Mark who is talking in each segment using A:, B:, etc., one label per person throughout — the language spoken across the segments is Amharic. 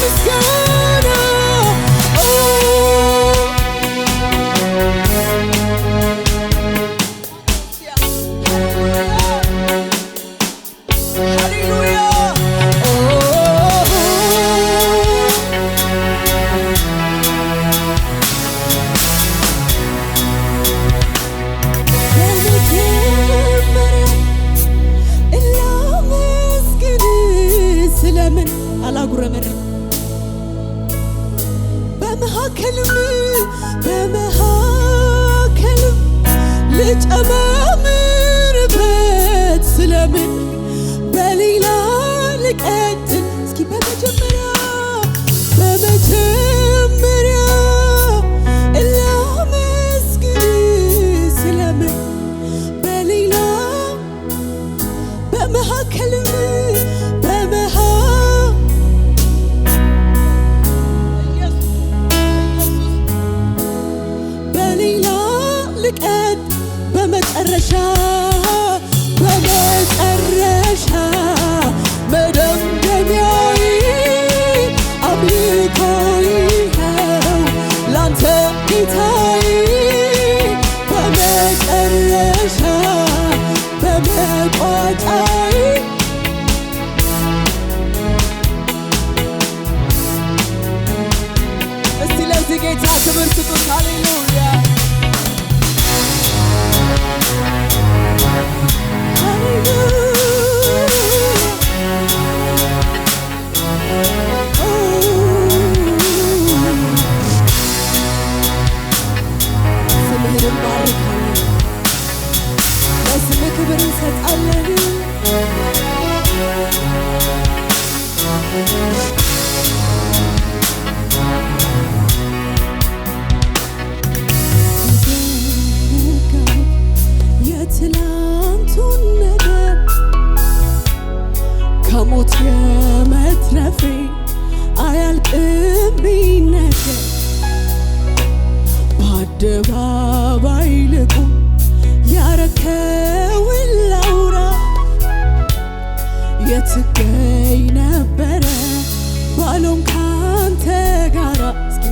A: the sky ጨመር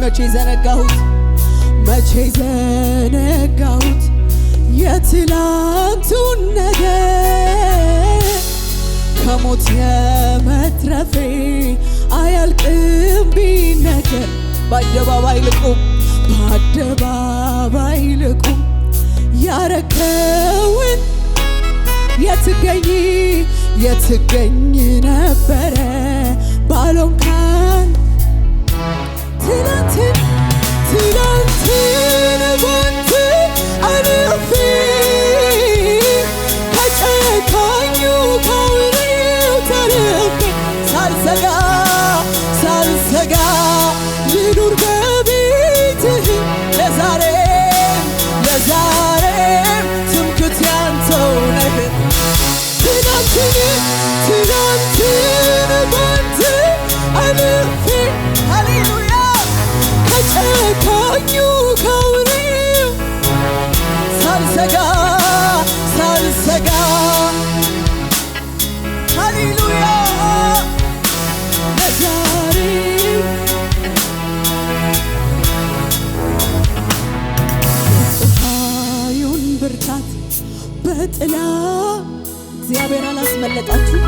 A: መቼ ዘነጋሁት መቼ ዘነጋሁት የትላንቱን ነገር ከሞት የመትረፌ አያልቅብኝ ነገር በአደባባይ ልቁም በአደባባይ ልቁም ያረከውን የትገኝ የትገኝ ነበረ ያመለጣችሁ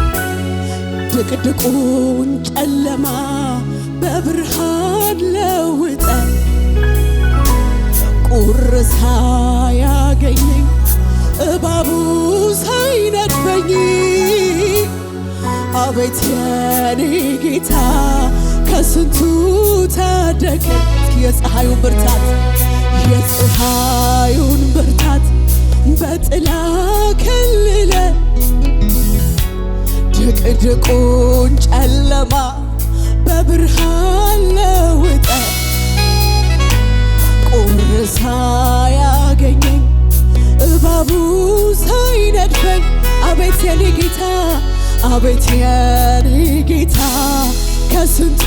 A: ድቅድቁን ጨለማ በብርሃን ለውጠ ቁር ሳያገኘኝ እባቡ ሳይነድፈኝ አቤት የኔ ጌታ ከስንቱ ታደገ። የፀሐዩን ብርታት የፀሐዩን ብርታት በጥላ ክልለ የጽድቁን ጨለማ በብርሃን ለውጠ ቁርሳ ያገኘኝ እባቡ ሳይነድፈኝ አቤት የኔ ጌታ አቤት የኔ ጌታ ከስንቱ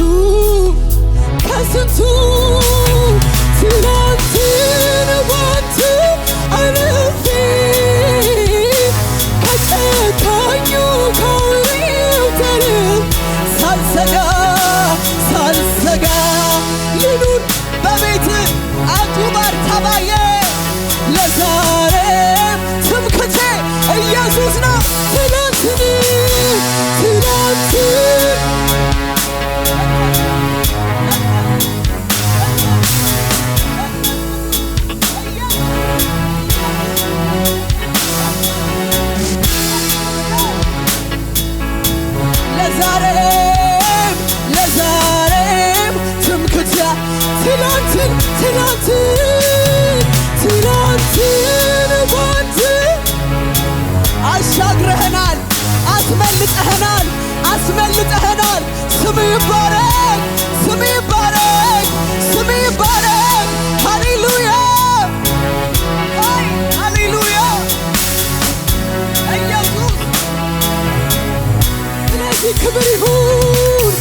A: ይሁን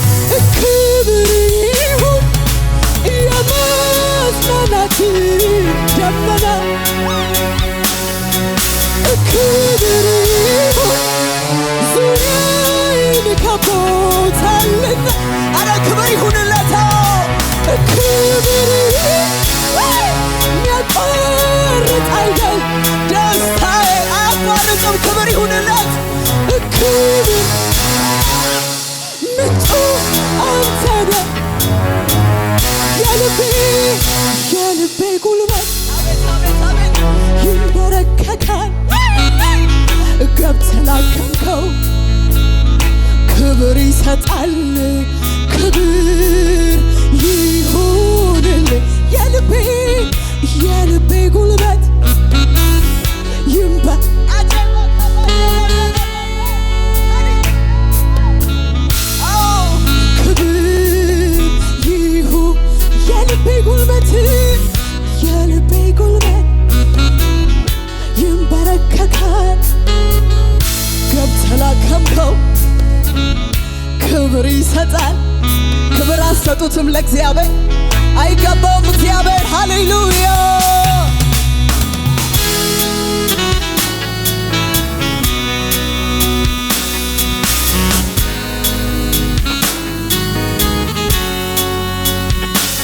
A: ክብር ይሁን የመጽናናት ደመና ክብር ይሁንለት ክብር የልቤ የልቤ ጉልበት ይንበረከካል ገብተ ክብር ይሰጣል ክብር ይሁንል የልቤ የልቤ ጉልበት ክብር ይሰጣል። ክብር አትሰጡትም ለእግዚአብሔር አይገባውም። እግዚአብሔር ሃሌሉያ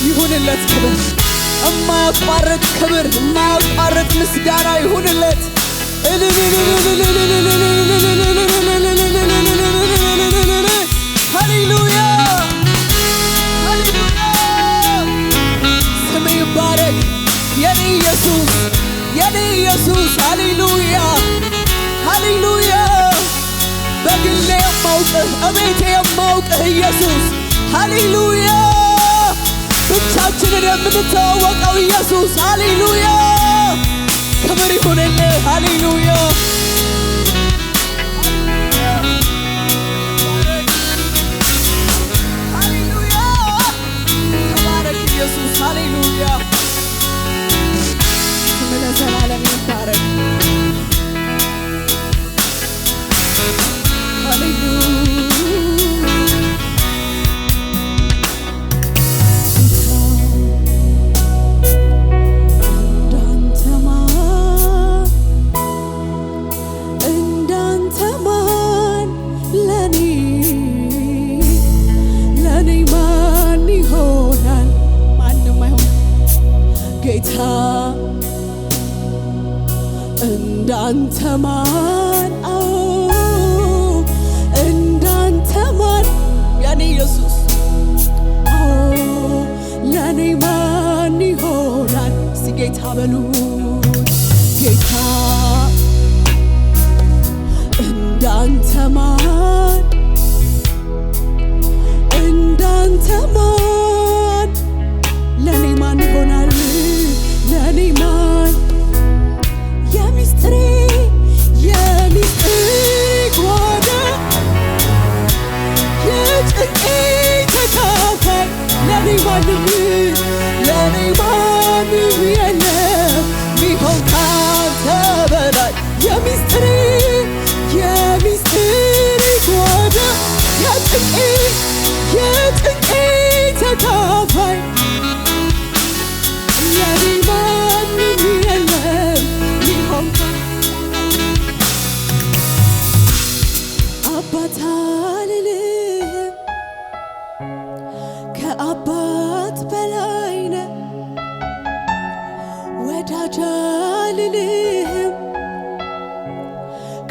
A: ይሁንለት ክብር እማያቋርጥ ክብር እማያቋርጥ ምስጋና ይሁንለት። ኢየሱስ ሃሌሉያ ሃሌሉያ በግሌ የማውቅህ እቤቴ የማውቅህ ኢየሱስ ሃሌሉያ ብቻችንን የምንተዋወቀው ኢየሱስ ሃሌሉያ ክብር ይሁንልህ ሃሌሉያ ኢየሱስ ሃሌሉያ ለዘላለም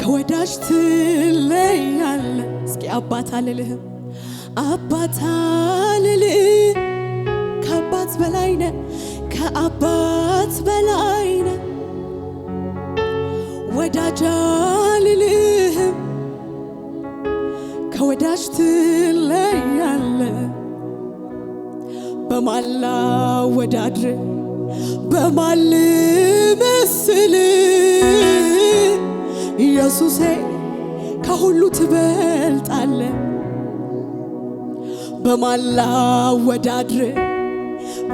A: ከወዳጅ ትለያለ። እስኪ አባት አልልህም አባት አልልህ ከአባት በላይ ነ ከአባት በላይ ነ ወዳጅ አልልህም ከወዳጅ ትለያለ በማላ ወዳድር በማል መስል ኢየሱሴ ከሁሉ ትበልጣለ በማላወዳድር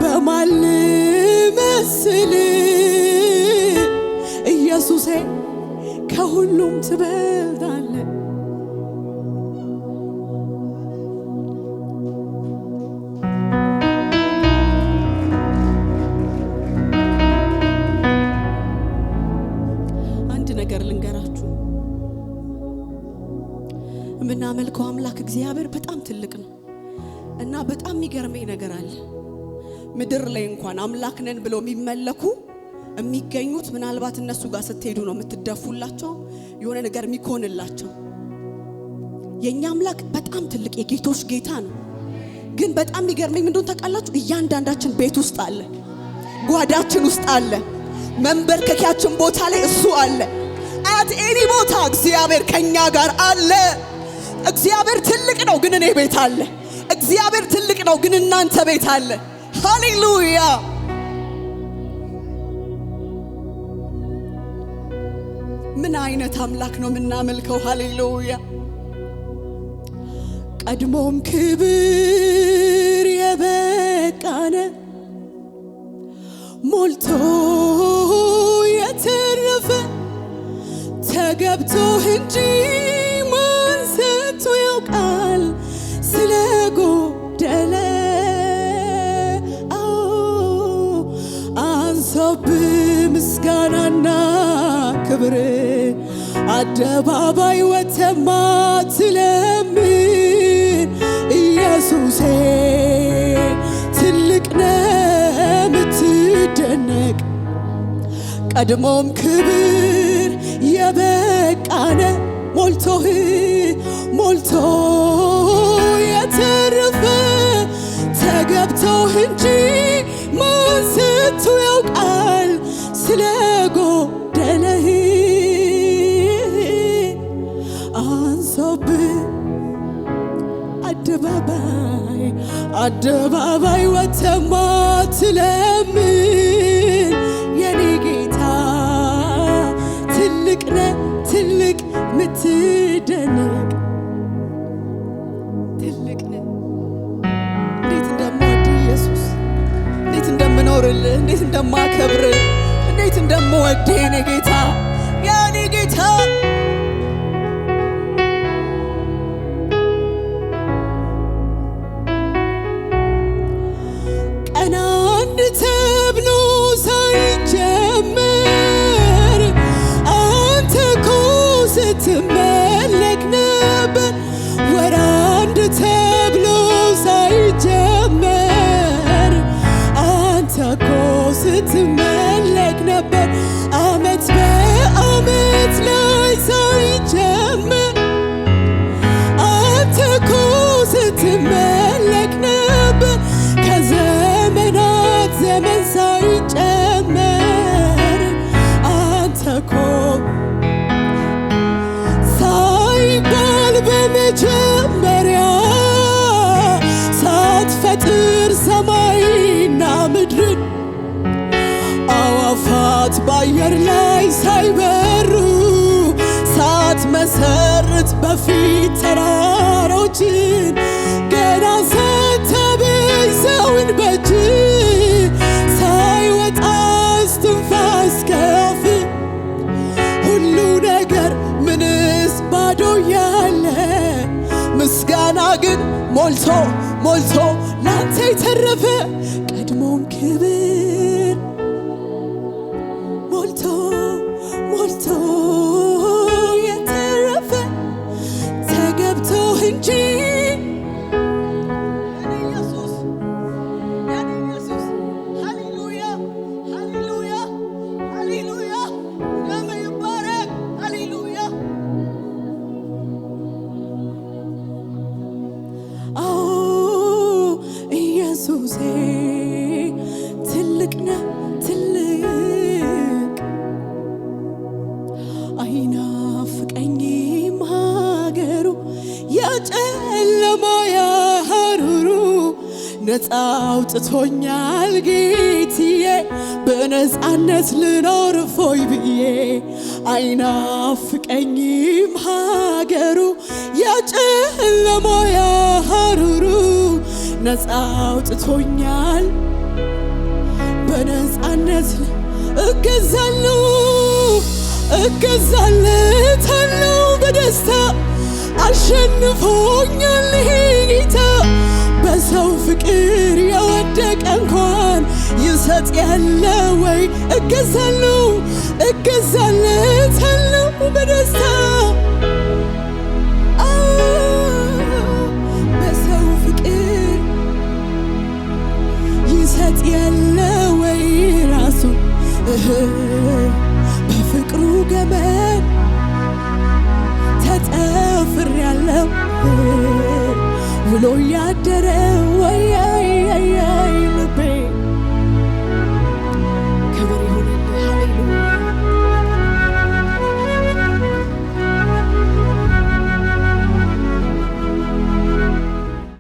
A: በማልመስል ኢየሱሴ ከሁሉም ትበልጣለ
B: የሚያመልከው አምላክ እግዚአብሔር በጣም ትልቅ ነው እና በጣም የሚገርመኝ ነገር አለ። ምድር ላይ እንኳን አምላክ ነን ብለው የሚመለኩ የሚገኙት ምናልባት እነሱ ጋር ስትሄዱ ነው የምትደፉላቸው፣ የሆነ ነገር የሚኮንላቸው። የእኛ አምላክ በጣም ትልቅ የጌቶች ጌታ ነው። ግን በጣም የሚገርመኝ ምንድን ታውቃላችሁ? እያንዳንዳችን ቤት ውስጥ አለ፣ ጓዳችን ውስጥ አለ፣ መንበርከኪያችን ቦታ ላይ እሱ አለ። አት ኤኒ ቦታ እግዚአብሔር ከእኛ ጋር አለ። እግዚአብሔር ትልቅ ነው፣ ግን እኔ ቤት አለ። እግዚአብሔር ትልቅ ነው፣ ግን እናንተ ቤት አለ። ሃሌሉያ! ምን አይነት አምላክ ነው የምናመልከው? ሃሌሉያ! ቀድሞም ክብር የበቃነ ሞልቶ የተረፈ ተገብቶ እንጂ አደባባይ ወጥተህ ማትለምን ኢየሱሴ ትልቅ ነህ የምትደነቅ ቀድሞም ክብር የበቃነ ሞልቶህ ሞልቶ የተረፈ ተገብቶህ እንጂ ማንስቱ አደባባይ ወተማ ትለምን የኔ ጌታ ትልቅ ነ ትልቅ ምትደንቅ ትልቅ ነ እንዴት እንደማድ ኢየሱስ እንዴት እንደምኖርልህ እንዴት እንደማከብርህ እንዴት እንደምወድህ የኔ ጌታ የኔ ጌታ በአየር ላይ ሳይበሩ ሳት መሰርት በፊት ተራሮችን ገና ስትብኝ ሰውን በእጅ ሳይወጣ እስትንፋስ ከፍ ሁሉ ነገር ምንስ ባዶ ያለ ምስጋና ግን ሞልቶ ሞልቶ in Jesus. ሰጥቶኛል ጌትዬ በነፃነት ልኖር ፎይ ብዬ አይናፍቀኝም ሀገሩ የጨለማው ሐሩሩ ነፃ አውጥቶኛል በነፃነት እገዛለሁ እገዛለታለሁ በደስታ አሸንፎኛል ጌታ በሰው ፍቅር የወደቀ እንኳን ይሰጥ ያለ ወይ እገዛለሁ እገዛለታለሁ